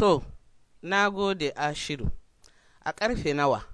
To, na gode Ashiru, a ƙarfe nawa?